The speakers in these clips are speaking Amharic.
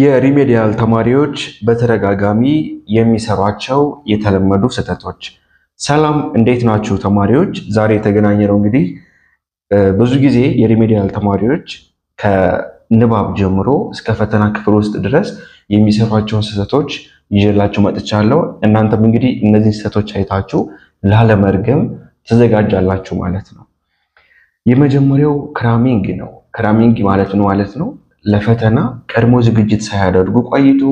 የሪሜዲያል ተማሪዎች በተደጋጋሚ የሚሰሯቸው የተለመዱ ስህተቶች። ሰላም እንዴት ናችሁ ተማሪዎች? ዛሬ የተገናኘ ነው እንግዲህ ብዙ ጊዜ የሪሜዲያል ተማሪዎች ከንባብ ጀምሮ እስከ ፈተና ክፍል ውስጥ ድረስ የሚሰሯቸውን ስህተቶች ይዤላችሁ መጥቻለሁ። እናንተም እንግዲህ እነዚህን ስህተቶች አይታችሁ ላለመርገም ትዘጋጃላችሁ ማለት ነው። የመጀመሪያው ክራሚንግ ነው። ክራሚንግ ማለት ነው ማለት ነው ለፈተና ቀድሞ ዝግጅት ሳያደርጉ ቆይቶ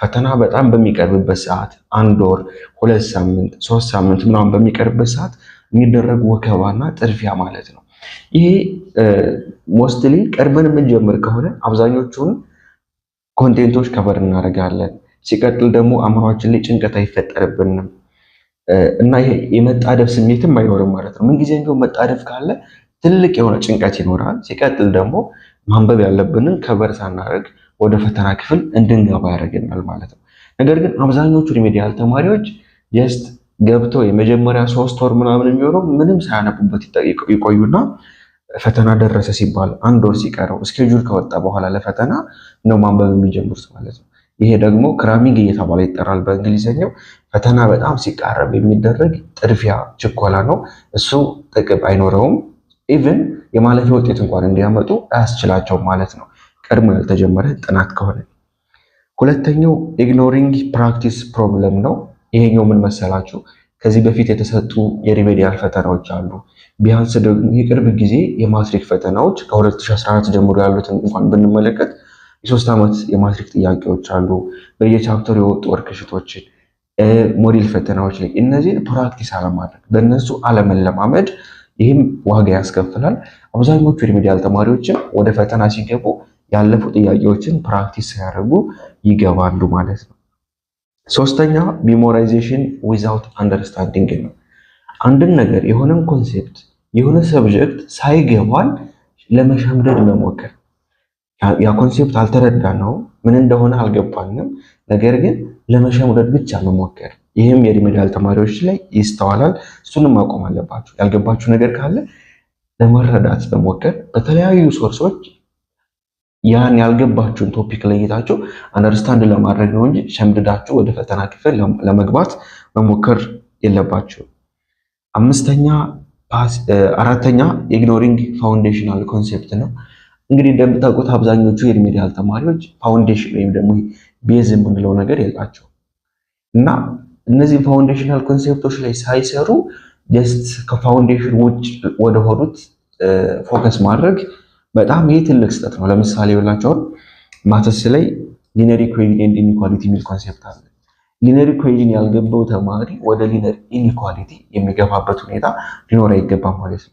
ፈተና በጣም በሚቀርብበት ሰዓት አንድ ወር፣ ሁለት ሳምንት፣ ሶስት ሳምንት ምናምን በሚቀርብበት ሰዓት የሚደረግ ወከባና ጥድፊያ ማለት ነው። ይሄ ሞስትሊ ቀድመን የምንጀምር ከሆነ አብዛኞቹን ኮንቴንቶች ከበር እናደርጋለን። ሲቀጥል ደግሞ አእምሯችን ላይ ጭንቀት አይፈጠርብንም እና የመጣደፍ ስሜትም አይኖርም ማለት ነው። ምንጊዜ ቢሆን መጣደፍ ካለ ትልቅ የሆነ ጭንቀት ይኖራል። ሲቀጥል ደግሞ ማንበብ ያለብንን ከበር ሳናደርግ ወደ ፈተና ክፍል እንድንገባ ያደርገናል ማለት ነው። ነገር ግን አብዛኞቹ ሪሜዲያል ተማሪዎች ጀስት ገብተው የመጀመሪያ ሶስት ወር ምናምን የሚሆነው ምንም ሳያነቡበት ይቆዩና ፈተና ደረሰ ሲባል አንድ ወር ሲቀረው እስኬጁል ከወጣ በኋላ ለፈተና ነው ማንበብ የሚጀምሩት ማለት ነው። ይሄ ደግሞ ክራሚንግ እየተባለ ይጠራል በእንግሊዝኛው። ፈተና በጣም ሲቃረብ የሚደረግ ጥድፊያ፣ ችኮላ ነው። እሱ ጥቅም አይኖረውም ኢቭን የማለፊያ ውጤት እንኳን እንዲያመጡ አያስችላቸውም ማለት ነው፣ ቀድሞ ያልተጀመረ ጥናት ከሆነ። ሁለተኛው ኢግኖሪንግ ፕራክቲስ ፕሮብለም ነው። ይሄኛው ምን መሰላችሁ? ከዚህ በፊት የተሰጡ የሪሜዲያል ፈተናዎች አሉ። ቢያንስ ደግሞ የቅርብ ጊዜ የማትሪክ ፈተናዎች ከ2014 ጀምሮ ያሉትን እንኳን ብንመለከት የሶስት ዓመት የማትሪክ ጥያቄዎች አሉ። በየቻፕተሩ የወጡ ወርክሽቶችን፣ ሞዴል ፈተናዎች ላይ እነዚህን ፕራክቲስ አለማድረግ፣ በእነሱ አለመለማመድ ይህም ዋጋ ያስከፍላል። አብዛኞቹ ሪሚዲያል ተማሪዎችም ወደ ፈተና ሲገቡ ያለፉ ጥያቄዎችን ፕራክቲስ ሳያደርጉ ይገባሉ ማለት ነው። ሶስተኛ ሚሞራይዜሽን ዊዛውት አንደርስታንዲንግ ነው። አንድን ነገር የሆነን ኮንሴፕት የሆነ ሰብጀክት ሳይገባን ለመሸምደድ መሞከር ያ ኮንሴፕት ነው ምን እንደሆነ አልገባንም፣ ነገር ግን ለመሸምደድ ብቻ መሞከር፣ ይህም የሪሜዲያል ተማሪዎች ላይ ይስተዋላል። እሱንም ማቆም አለባችሁ። ያልገባችሁ ነገር ካለ ለመረዳት መሞከር፣ በተለያዩ ሶርሶች ያን ያልገባችሁን ቶፒክ ለይታችሁ አንደርስታንድ ለማድረግ ነው እንጂ ሸምድዳችሁ ወደ ፈተና ክፍል ለመግባት መሞከር የለባችሁ። አምስተኛ አራተኛ ኢግኖሪንግ ፋውንዴሽናል ኮንሴፕት ነው። እንግዲህ እንደምታውቁት አብዛኞቹ የሪሜዲያል ተማሪዎች ፋውንዴሽን ወይም ደግሞ ቤዝ የምንለው ነገር የላቸው እና እነዚህ ፋውንዴሽናል ኮንሴፕቶች ላይ ሳይሰሩ ጀስት ከፋውንዴሽን ውጭ ወደ ወደሆኑት ፎከስ ማድረግ በጣም ይህ ትልቅ ስጠት ነው። ለምሳሌ የላቸውን ማተስ ላይ ሊነሪ ኢኩዌሊቲ ኢኒኳሊቲ የሚል ኮንሴፕት አለ። ሊነሪ ኢኩዌሊቲን ያልገባው ተማሪ ወደ ሊነር ኢኒኳሊቲ የሚገባበት ሁኔታ ሊኖር አይገባም ማለት ነው።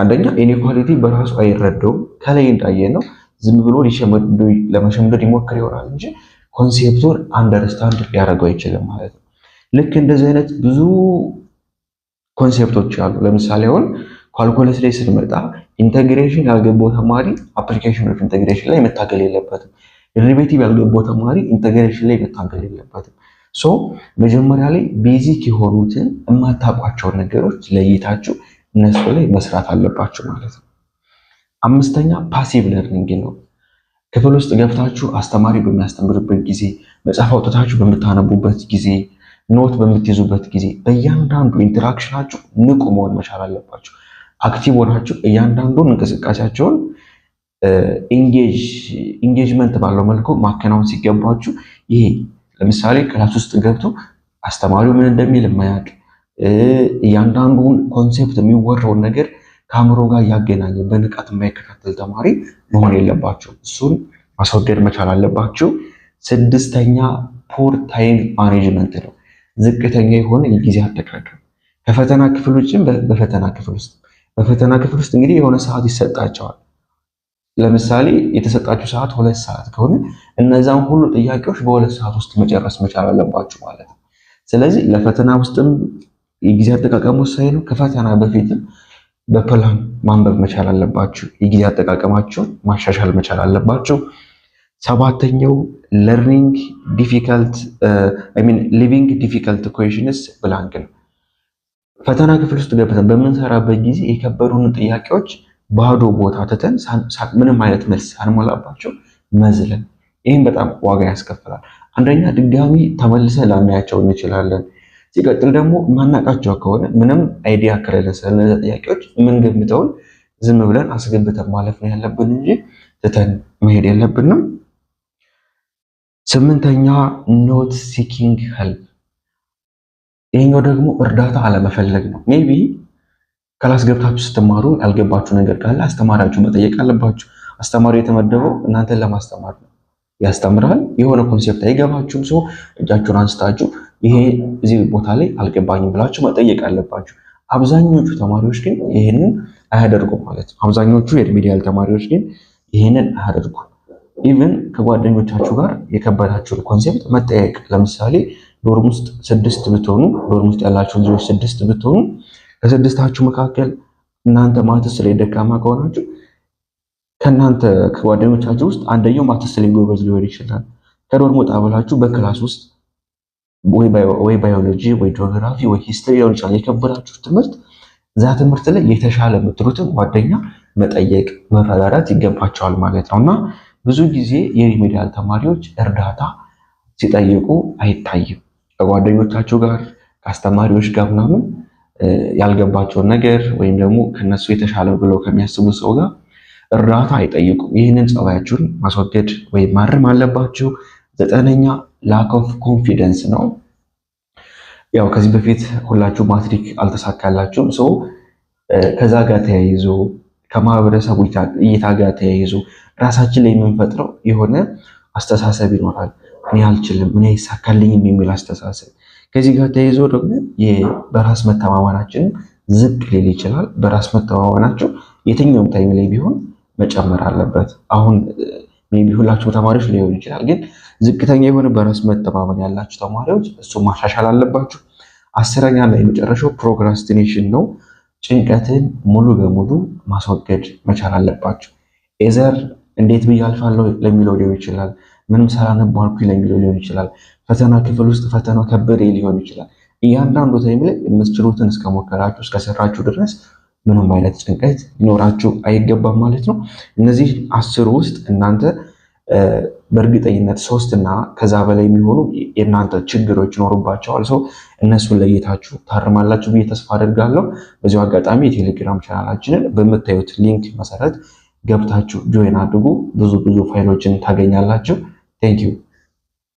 አንደኛ ኢኒኳሊቲ በራሱ አይረዳውም። ከላይ እንዳየ ነው ዝም ብሎ ለመሸምደድ ይሞክር ይሆናል እንጂ ኮንሴፕቱን አንደርስታንድ ሊያደርገው አይችልም ማለት ነው። ልክ እንደዚህ አይነት ብዙ ኮንሴፕቶች አሉ። ለምሳሌ አሁን ኳልኩለስ ላይ ስንመጣ ኢንተግሬሽን ያልገባው ተማሪ ኦፍ ኢንተግሬሽን ላይ መታገል የለበትም። ዴሪቬቲቭ ያልገባው ተማሪ ኢንተግሬሽን ላይ መታገል የለበትም። ሶ መጀመሪያ ላይ ቤዚክ የሆኑትን የማታውቋቸውን ነገሮች ለይታችሁ እነሱ ላይ መስራት አለባችሁ ማለት ነው። አምስተኛ ፓሲቭ ለርኒንግ ነው። ክፍል ውስጥ ገብታችሁ አስተማሪ በሚያስተምርበት ጊዜ፣ መጽሐፍ አውጥታችሁ በምታነቡበት ጊዜ፣ ኖት በምትይዙበት ጊዜ በእያንዳንዱ ኢንተራክሽናችሁ ንቁ መሆን መቻል አለባችሁ። አክቲቭ ሆናችሁ እያንዳንዱን እንቅስቃሴያቸውን ኢንጌጅመንት ባለው መልኩ ማከናወን ሲገባችሁ ይሄ ለምሳሌ ክላስ ውስጥ ገብቶ አስተማሪው ምን እንደሚል የማያውቅ እያንዳንዱን ኮንሴፕት የሚወራውን ነገር ከአእምሮ ጋር ያገናኘ በንቃት የማይከታተል ተማሪ መሆን የለባቸው። እሱን ማስወገድ መቻል አለባቸው። ስድስተኛ ፖር ታይም ማኔጅመንት ነው፣ ዝቅተኛ የሆነ የጊዜ አጠቃቀም ከፈተና ክፍል ውጭም በፈተና ክፍል ውስጥ በፈተና ክፍል ውስጥ እንግዲህ የሆነ ሰዓት ይሰጣቸዋል። ለምሳሌ የተሰጣችሁ ሰዓት ሁለት ሰዓት ከሆነ እነዛን ሁሉ ጥያቄዎች በሁለት ሰዓት ውስጥ መጨረስ መቻል አለባችሁ ማለት ነው። ስለዚህ ለፈተና ውስጥም የጊዜ አጠቃቀም ወሳኝ ነው። ከፈተና በፊትም በፕላን ማንበብ መቻል አለባችሁ። የጊዜ አጠቃቀማችሁን ማሻሻል መቻል አለባችሁ። ሰባተኛው ለርኒንግ ዲፊካልት አይ ሚን ሊቪንግ ዲፊካልት ኩዌሽንስ ብላንክ ነው። ፈተና ክፍል ውስጥ ገብተን በምንሰራበት ጊዜ የከበዱን ጥያቄዎች ባዶ ቦታ ትተን ምንም አይነት መልስ ሳንሞላባቸው መዝለን፣ ይህም በጣም ዋጋ ያስከፍላል። አንደኛ ድጋሚ ተመልሰን ላናያቸው እንችላለን። ሲቀጥል ደግሞ ማናቃቸው ከሆነ ምንም አይዲያ ከሌለ ስለነዚ ጥያቄዎች የምንገምተውን ዝም ብለን አስገብተን ማለፍ ነው ያለብን እንጂ ትተን መሄድ የለብንም። ስምንተኛ ኖት ሲኪንግ ሄልፕ፣ ይህኛው ደግሞ እርዳታ አለመፈለግ ነው። ሜቢ ከላስ ገብታችሁ ስትማሩ ያልገባችሁ ነገር ካለ አስተማሪያችሁ መጠየቅ አለባችሁ። አስተማሪ የተመደበው እናንተን ለማስተማር ነው። ያስተምራል። የሆነ ኮንሴፕት አይገባችሁም ሰው እጃችሁን አንስታችሁ ይሄ እዚህ ቦታ ላይ አልገባኝም ብላችሁ መጠየቅ አለባችሁ። አብዛኞቹ ተማሪዎች ግን ይህንን አያደርጉም ማለት ነው። አብዛኞቹ የሪሚዲያል ተማሪዎች ግን ይህንን አያደርጉም። ኢቨን ከጓደኞቻችሁ ጋር የከበዳችሁን ኮንሴፕት መጠየቅ። ለምሳሌ ዶርም ውስጥ ስድስት ብትሆኑ ዶርም ውስጥ ያላችሁ ልጆች ስድስት ብትሆኑ ከስድስታችሁ መካከል እናንተ ማትስ ላይ ደካማ ከሆናችሁ ከእናንተ ከጓደኞቻችሁ ውስጥ አንደኛው ማትስ ላይ ጎበዝ ሊሆን ይችላል። ከዶርም ወጣ ብላችሁ በክላስ ውስጥ ወይ ባዮሎጂ ወይ ጂኦግራፊ ወይ ሂስትሪ ሊሆን ይችላል የከበዳችሁ ትምህርት እዛ ትምህርት ላይ የተሻለ የምትሉትን ጓደኛ መጠየቅ መረዳዳት ይገባቸዋል ማለት ነው እና ብዙ ጊዜ የሪሜዲያል ተማሪዎች እርዳታ ሲጠይቁ አይታይም። ከጓደኞቻቸው ጋር ከአስተማሪዎች ጋር ምናምን ያልገባቸውን ነገር ወይም ደግሞ ከነሱ የተሻለ ብለው ከሚያስቡ ሰው ጋር እርዳታ አይጠይቁም። ይህንን ጸባያችሁን ማስወገድ ወይም ማረም አለባችሁ። ዘጠነኛ ላክ ኦፍ ኮንፊደንስ ነው። ያው ከዚህ በፊት ሁላችሁ ማትሪክ አልተሳካላችሁም። ሰው ከዛ ጋር ተያይዞ ከማህበረሰቡ እይታ ጋር ተያይዞ ራሳችን ላይ የምንፈጥረው የሆነ አስተሳሰብ ይኖራል። እኔ አልችልም፣ እኔ አይሳካልኝም የሚል አስተሳሰብ። ከዚህ ጋር ተያይዞ ደግሞ በራስ መተማመናችን ዝቅ ሊል ይችላል። በራስ መተማመናቸው የትኛውም ታይም ላይ ቢሆን መጨመር አለበት። አሁን ሜቢ ሁላችሁ ተማሪዎች ሊሆን ይችላል። ግን ዝቅተኛ የሆነ በራስ መተማመን ያላችሁ ተማሪዎች እሱ ማሻሻል አለባችሁ። አስረኛ ላይ የመጨረሻው ፕሮክራስቲኔሽን ነው። ጭንቀትን ሙሉ በሙሉ ማስወገድ መቻል አለባችሁ። ኤዘር እንዴት ብዬ አልፋለሁ ለሚለው ሊሆን ይችላል። ምንም ሳላነብ አልኩኝ ለሚለው ሊሆን ይችላል። ፈተና ክፍል ውስጥ ፈተናው ከበደ ሊሆን ይችላል። እያንዳንዱ ታይም ላይ የምትችሉትን እስከሞከራችሁ እስከሰራችሁ ድረስ ምንም አይነት ጭንቀት ሊኖራችሁ አይገባም ማለት ነው። እነዚህ አስር ውስጥ እናንተ በእርግጠኝነት ሶስት እና ከዛ በላይ የሚሆኑ የእናንተ ችግሮች ይኖሩባቸዋል። ሰው እነሱን ለየታችሁ ታርማላችሁ ብዬ ተስፋ አደርጋለሁ። በዚሁ አጋጣሚ የቴሌግራም ቻናላችንን በምታዩት ሊንክ መሰረት ገብታችሁ ጆይን አድርጉ። ብዙ ብዙ ፋይሎችን ታገኛላችሁ። ቴንኪዩ